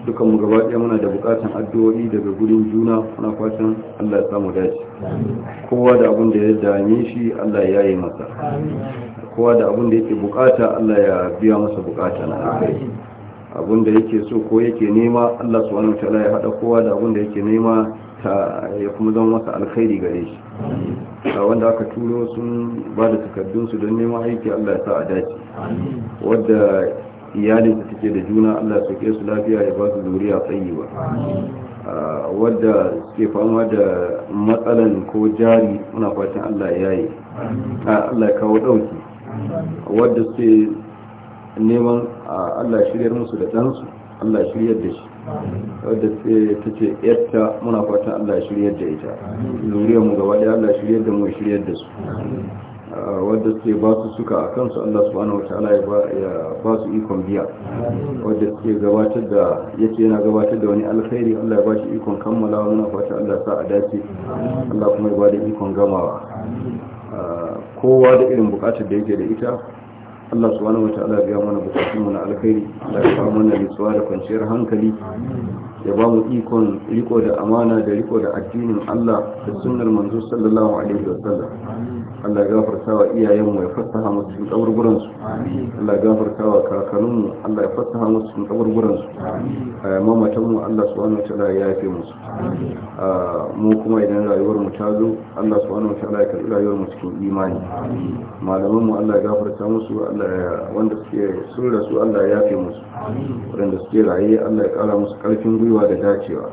dukan mu gaba ɗaya muna da bukatan addu'o'i daga gurin juna muna fatan Allah ya samu dace kowa da abin da ya dame shi Allah ya yi masa kowa da abin da yake bukata Allah ya biya masa bukata na akai abin da yake so ko yake nema Allah subhanahu wataala ya hada kowa da abin da yake nema ta ya kuma zama masa alkhairi gare shi wanda aka turo sun ba da takardunsu don neman aiki allah ya sa a dace wadda iyalinsu take da juna allah ya su lafiya ya ba su zuriya tsayi ba wadda ke fama da matsalan ko jari muna fatan allah ya yi allah ya kawo ɗauki wadda suke neman allah shiryar musu da ɗansu allah shiryar da shi wadda ta ce yadda muna fata allah shiryar da ita zuriyar mu gaba da allah shiryar da mu shiryar da su wadda ce ba su suka a kansu Allah su wata ala ya ba su ikon biya wadda ce gabatar da yake yana gabatar da wani alkhairi Allah ya ba shi ikon kammala muna fata Allah sa a dace Allah kuma ya ba da ikon gamawa kowa da irin bukatar da yake da ita Allah subhanahu wa ta'ala biya mana bukatun mu na alkhairi Allah ya kawo mana nutsuwa da kwanciyar hankali ya ba mu ikon riko da amana da riko da addinin Allah da sunnar manzo sallallahu alaihi wasallam Allah ya gafarta wa iyayenmu ya fasaha musu cikin kaburburan su Allah ya gafarta wa kakanninmu Allah ya fasaha musu cikin kaburburan su mamatan mu Allah subhanahu wataala ya yafe musu ah, mu kuma idan rayuwar mu ta zo Allah subhanahu wataala ya karbi rayuwar mu cikin imani malaman mu Allah ya gafarta musu Allah ya wanda suke sun rasu Allah ya yafe musu wanda suke raye Allah ya kara musu karfin gwiwa rayuwa da dacewa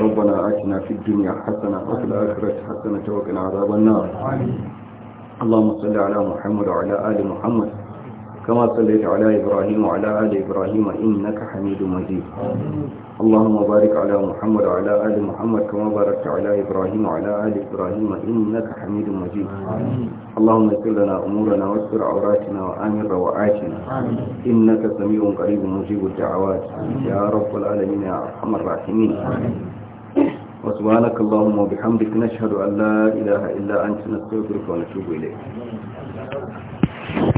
rabbana atina fid dunya duniya, wa fil akhirati hasana wa qina azaban nar amin allahumma salli ala muhammad wa ala ali muhammad كما صليت على إبراهيم وعلى آل إبراهيم إنك حميد مجيد اللهم بارك على محمد وعلى آل محمد كما باركت على إبراهيم وعلى آل إبراهيم إنك حميد مجيد اللهم اغفر لنا أمورنا واستر عوراتنا وآمن روعاتنا إنك سميع قريب مجيب الدعوات يا رب العالمين يا أرحم الراحمين وسبحانك اللهم وبحمدك نشهد أن لا إله إلا أنت نستغفرك ونتوب إليك